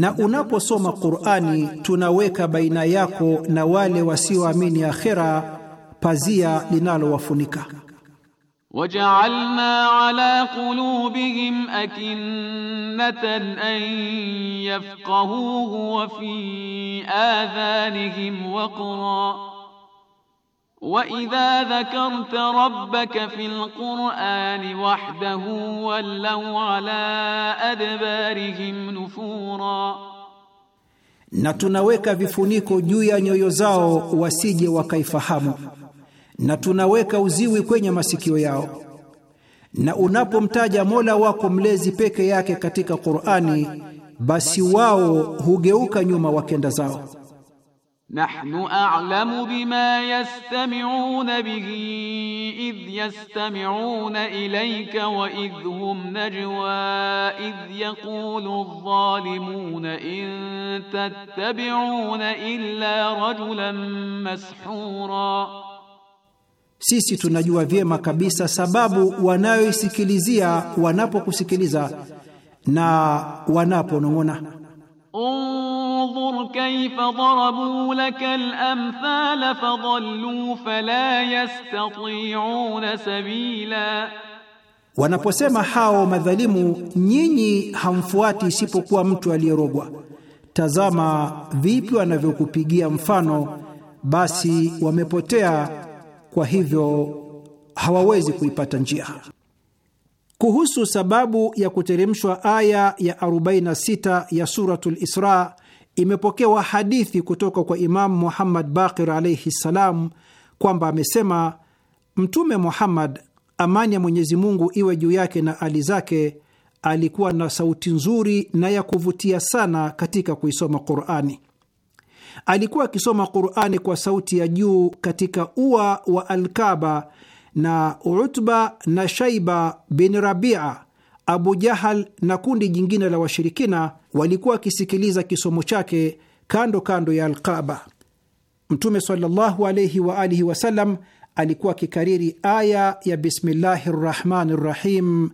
na unaposoma Qur'ani tunaweka baina yako na wale wasioamini akhera pazia linalowafunika. وجعلنا على قلوبهم أكنة أن يفقهوه وفي آذانهم وقرا وإذا ذكرت ربك في القرآن وحده ولوا على أدبارهم نفورا na tunaweka vifuniko juu ya nyoyo zao wasije wakaifahamu na tunaweka uziwi kwenye masikio yao. Na unapomtaja Mola wako mlezi peke yake katika Qur'ani, basi wao hugeuka nyuma wakenda zao. Nahnu a'lamu bima yastami'una bihi idh yastami'una ilayka wa idh hum najwa idh yaqulu adh-dhalimuna in tattabi'una illa rajulan mashhura. Sisi tunajua vyema kabisa sababu wanayoisikilizia wanapokusikiliza na wanaponong'ona. Undhur kaifa darabu laka al-amthala fadallu fala yastati'una sabila, wanaposema hao madhalimu, nyinyi hamfuati isipokuwa mtu aliyerogwa. Tazama vipi wanavyokupigia mfano, basi wamepotea kwa hivyo hawawezi kuipata njia. Kuhusu sababu ya kuteremshwa aya ya 46 ya Suratul Isra, imepokewa hadithi kutoka kwa Imamu Muhammad Baqir alaihi ssalam kwamba amesema Mtume Muhammad, amani ya Mwenyezi Mungu iwe juu yake na ali zake, alikuwa na sauti nzuri na ya kuvutia sana katika kuisoma Qurani. Alikuwa akisoma Qurani kwa sauti ya juu katika ua wa Alkaba, na Utba na Shaiba bin Rabia, Abu Jahal na kundi jingine la washirikina walikuwa wakisikiliza kisomo chake kando kando ya Alkaba. Mtume sallallahu alayhi wa alihi wasallam alikuwa akikariri aya ya bismillahi rrahmani rrahim,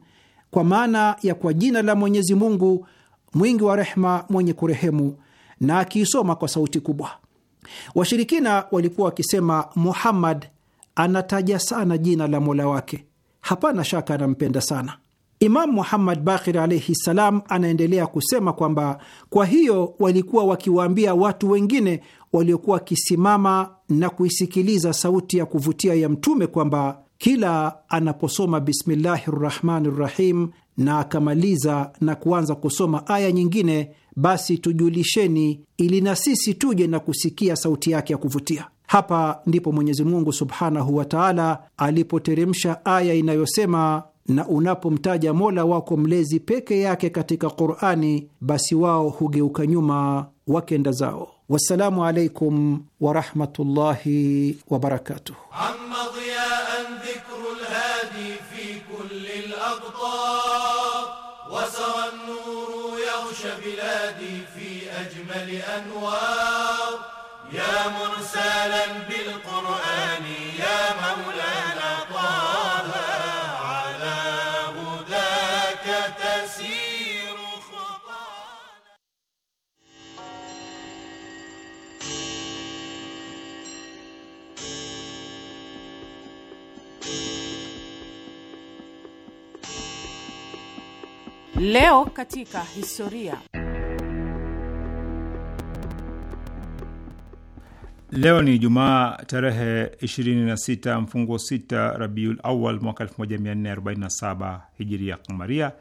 kwa maana ya kwa jina la Mwenyezi Mungu mwingi wa rehma mwenye kurehemu na akiisoma kwa sauti kubwa. Washirikina walikuwa wakisema, Muhammad anataja sana jina la mola wake, hapana shaka anampenda sana. Imamu Muhammad Bakir alaihi ssalam anaendelea kusema kwamba kwa hiyo walikuwa wakiwaambia watu wengine waliokuwa wakisimama na kuisikiliza sauti ya kuvutia ya Mtume kwamba kila anaposoma bismillahi rrahmani rrahim na akamaliza na kuanza kusoma aya nyingine, basi tujulisheni, ili na sisi tuje na kusikia sauti yake ya kuvutia. Hapa ndipo Mwenyezi Mungu subhanahu wa taala alipoteremsha aya inayosema na unapomtaja Mola wako mlezi peke yake katika Qur'ani, basi wao hugeuka nyuma wakenda zao. Wassalamu alaikum warahmatullahi wabarakatuh. لأنوار يا مرسلا بالقرآن يا مولانا طه على هداك تسير خطانا Leo katika historia. Leo ni Jumaa tarehe 26 mfungo 6 Rabiul Awal mwaka 1447 Hijiria Kamaria,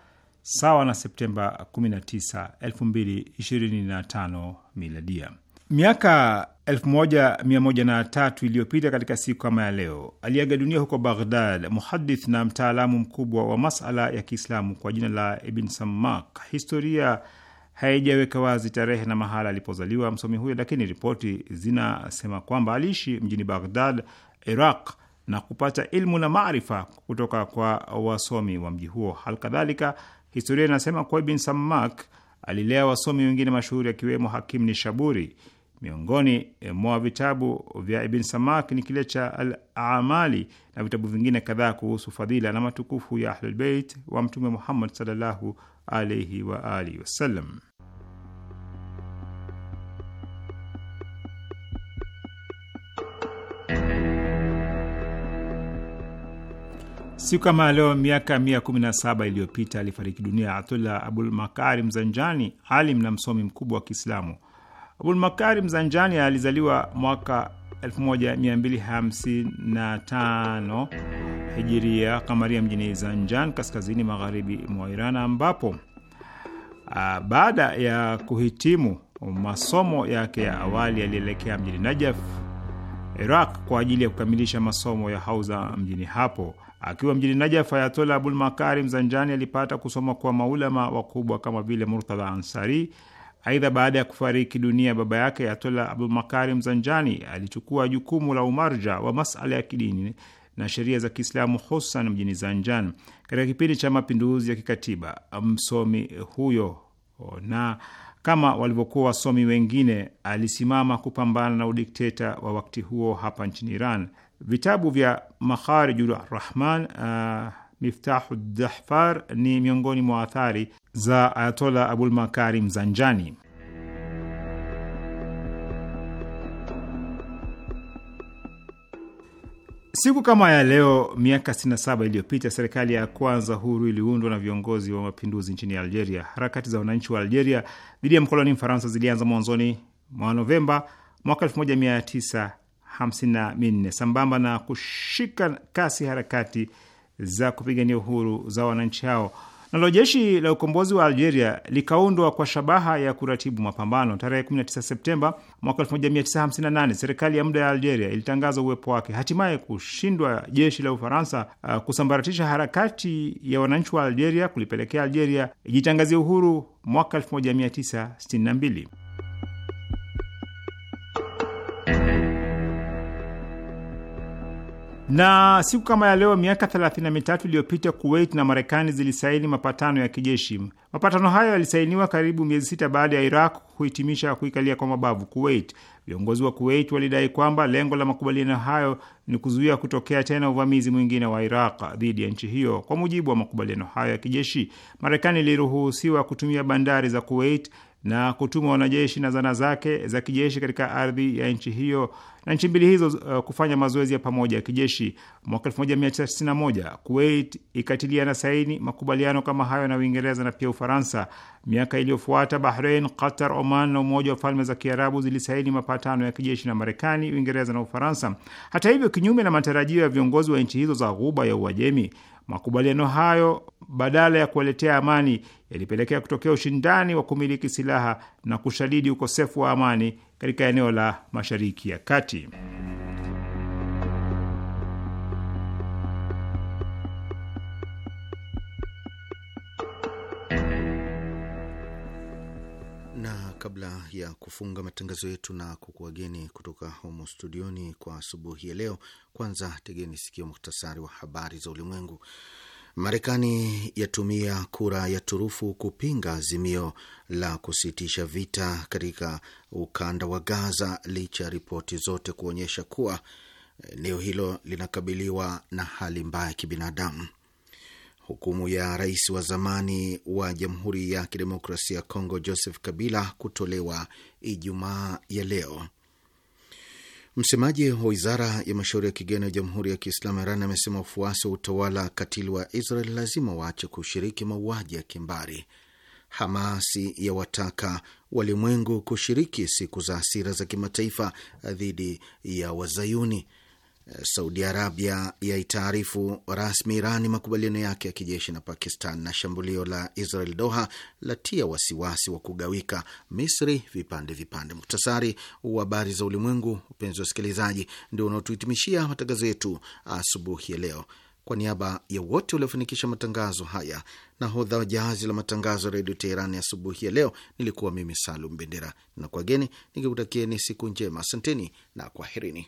sawa na Septemba 19, 2025 Miladia. Miaka 1103 iliyopita katika siku kama ya leo aliaga dunia huko Baghdad muhadith na mtaalamu mkubwa wa masala ya Kiislamu kwa jina la Ibn Sammak. Historia haijaweka wazi tarehe na mahala alipozaliwa msomi huyo, lakini ripoti zinasema kwamba aliishi mjini Baghdad, Iraq na kupata ilmu na maarifa kutoka kwa wasomi wa mji huo. Halikadhalika, historia inasema kuwa Ibn Sammak alilea wasomi wengine mashuhuri akiwemo Hakim Nishaburi. Miongoni mwa vitabu vya Ibn Samak ni kile cha Al Amali na vitabu vingine kadhaa kuhusu fadhila na matukufu ya Ahlulbeit wa Mtume Muhammad sallallahu alaihi wa alihi wasallam. Siku kama leo miaka 117 iliyopita alifariki dunia Atullah Abul Makari Mzanjani, alim na msomi mkubwa wa Kiislamu. Abul Makari Mzanjani alizaliwa mwaka 1255 hijiria kamaria mjini Zanjan, kaskazini magharibi mwa Iran, ambapo baada ya kuhitimu masomo yake ya awali alielekea mjini Najaf, Iraq, kwa ajili ya kukamilisha masomo ya hauza mjini hapo. Akiwa mjini Najaf, Ayatola Abul Makarim Zanjani alipata kusoma kwa maulama wakubwa kama vile Murtadha Ansari. Aidha, baada ya kufariki dunia baba yake, Ayatola Abul Makarim Zanjani alichukua jukumu la umarja wa masala ya kidini na sheria za Kiislamu, hususan mjini Zanjan katika kipindi cha mapinduzi ya kikatiba. Msomi huyo na kama walivyokuwa wasomi wengine, alisimama kupambana na udikteta wa wakati huo hapa nchini Iran. Vitabu vya Makharijul Rahman, uh, Miftahu Dahfar ni miongoni mwa athari za Ayatola Abul Makarim Zanjani. Siku kama ya leo miaka 67 iliyopita serikali ya kwanza huru iliundwa na viongozi wa mapinduzi nchini Algeria. Harakati za wananchi wa Algeria dhidi ya mkoloni Mfaransa zilianza mwanzoni mwa Novemba mwaka 19 54 sambamba na kushika kasi harakati za kupigania uhuru za wananchi hao. Nalo jeshi la ukombozi wa Algeria likaundwa kwa shabaha ya kuratibu mapambano. Tarehe 19 Septemba mwaka 1958 serikali ya muda ya Algeria ilitangaza uwepo wake. Hatimaye kushindwa jeshi la Ufaransa uh, kusambaratisha harakati ya wananchi wa Algeria kulipelekea Algeria ijitangazia uhuru mwaka 1962. Na siku kama ya leo miaka 33 mitatu iliyopita Kuwait na Marekani zilisaini mapatano ya kijeshi. Mapatano hayo yalisainiwa karibu miezi sita baada ya Iraq kuhitimisha kuikalia kwa mabavu Kuwait. Viongozi wa Kuwait walidai kwamba lengo la makubaliano hayo ni kuzuia kutokea tena uvamizi mwingine wa Iraq dhidi ya nchi hiyo. Kwa mujibu wa makubaliano hayo ya kijeshi, Marekani iliruhusiwa kutumia bandari za Kuwait na kutuma wanajeshi na zana zake za kijeshi katika ardhi ya nchi hiyo na nchi mbili hizo uh, kufanya mazoezi ya pamoja ya kijeshi mwaka 1991. Kuwait ikatiliana saini makubaliano kama hayo na Uingereza na pia Ufaransa. Miaka iliyofuata, Bahrain, Qatar, Oman na Umoja wa Falme za Kiarabu zilisaini mapatano ya kijeshi na Marekani, Uingereza na Ufaransa. Hata hivyo, kinyume na matarajio ya viongozi wa nchi hizo za Ghuba ya Uajemi, makubaliano hayo badala ya kuwaletea amani yalipelekea kutokea ushindani wa kumiliki silaha na kushadidi ukosefu wa amani katika eneo la Mashariki ya Kati. Kabla ya kufunga matangazo yetu na kukuageni kutoka humo studioni kwa asubuhi ya leo, kwanza tegeni sikio muhtasari wa habari za ulimwengu. Marekani yatumia kura ya turufu kupinga azimio la kusitisha vita katika ukanda wa Gaza licha ya ripoti zote kuonyesha kuwa eneo hilo linakabiliwa na hali mbaya ya kibinadamu. Hukumu ya rais wa zamani wa Jamhuri ya Kidemokrasia ya Kongo Joseph Kabila kutolewa Ijumaa ya leo Msemaji wa wizara ya mashauri ya kigeni ya Jamhuri ya Kiislamu Iran amesema wafuasi wa utawala katili wa Israel lazima waache kushiriki mauaji ya kimbari. Hamasi ya wataka walimwengu kushiriki siku za hasira za kimataifa dhidi ya Wazayuni. Eh, Saudi Arabia yaitaarifu rasmi Irani makubaliano yake ya kijeshi na Pakistan, na shambulio la Israel Doha latia wasiwasi wa kugawika Misri vipande vipande. Muktasari wa habari za ulimwengu, upenzi wa wasikilizaji, ndio unaotuhitimishia matangazo yetu asubuhi ya leo. Kwa niaba ya wote waliofanikisha matangazo haya, nahodha wa jahazi la matangazo ya redio Teherani asubuhi ya leo nilikuwa mimi Salum Bendera, na kwa geni nikikutakieni siku njema. Asanteni na kwaherini.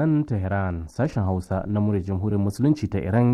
nan Tehran sashen Hausa na muryar Jamhuriyar Musulunci ta Iran